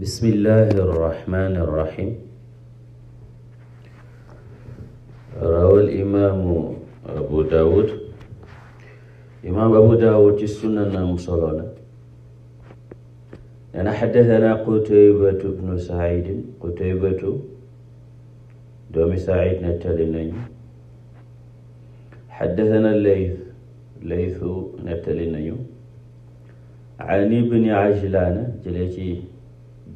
بسم الله الرحمن الرحيم روى الإمام أبو داود إمام أبو داود السنن المصرونة أنا حدثنا قتيبة بن سعيد قتيبة دوم سعيد نتلنين حدثنا الليث ليث نتلنين عن ابن عجلان جليتي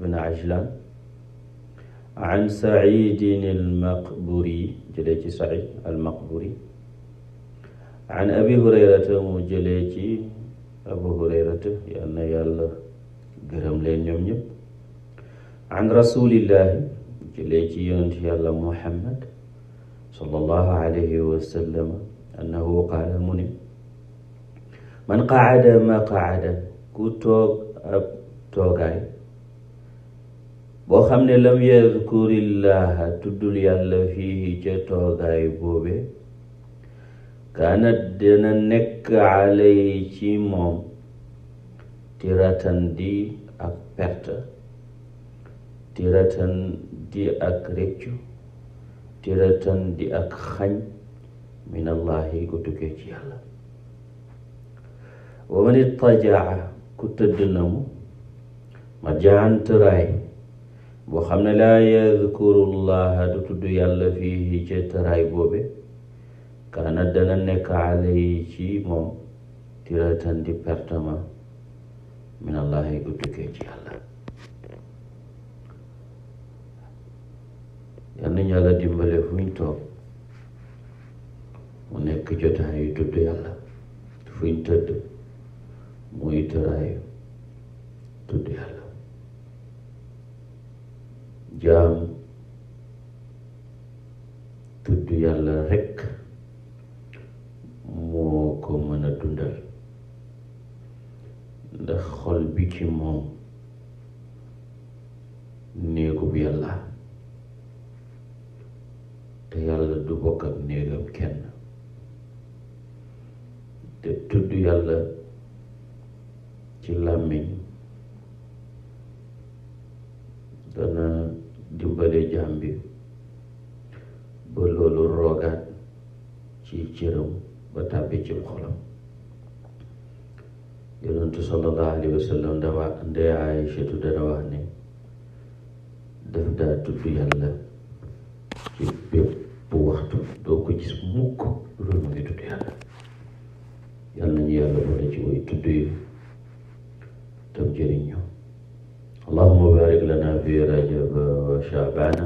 بن عجلان عن سعيد المقبوري جليتي سعيد المقبوري عن أبي هريرة مجليتي أبو هريرة يأنا يعني يالا قرم لين يوم يب عن رسول الله جليتي يونت يالا محمد صلى الله عليه وسلم أنه قال مني من قعد ما قعد كتب أب توقعي boo xam ne lam yazkurillaha tuddul yàlla fii ca toogaay boobe kaanat dina nekk alay ci moom tiratan di ak perte tiratan di ak rëccu tiratan di ak xañ minallahi ku tukkee ci yàlla wa man ku tëdd na ma jaan tëraay boo xam ne laa yadkurullaha du tudd yàlla fii ca taraay boobe kaana dana nekk alayhi ci moom tiratan di pertama min allahi gu tukkee ci yàlla yal nañu yàlla dimbale fu ñu toog mu nekk jotaay yu tudd yàlla fu ñu tëdd muy taraayu tudd yàlla jaam tudd yàlla rekk moo ko mën a dundal ndax xol bi ci moom néegub yàlla te yàlla du bokk ak néegam kenn te tudd yàlla ci làmmiñ daan ci cëram ba tàbbi ci xolam yonentu sallallahu alayhi wa sallam dawa ndee Aysatu dana wax ne daf daa tudd yàlla ci waxtu doo ko gis mukk loolu mu ngi tudd yàlla yàlla ñu yàlla boole ci way tudd yi tam jëriñ ñu allahuma barik lana fi rajab wa shaabana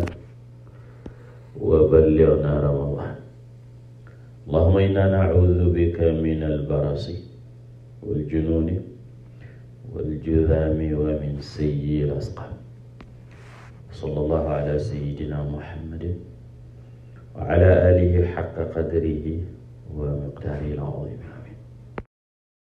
wa ballighna ramadan علينا نعوذ بك من البرص والجنون والجذام ومن سيء الأسقام صلى الله على سيدنا محمد وعلى آله حق قدره ومقداره العظيم